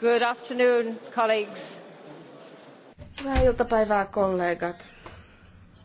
arvoisa puhemies Hyvää iltapäivää kollegat.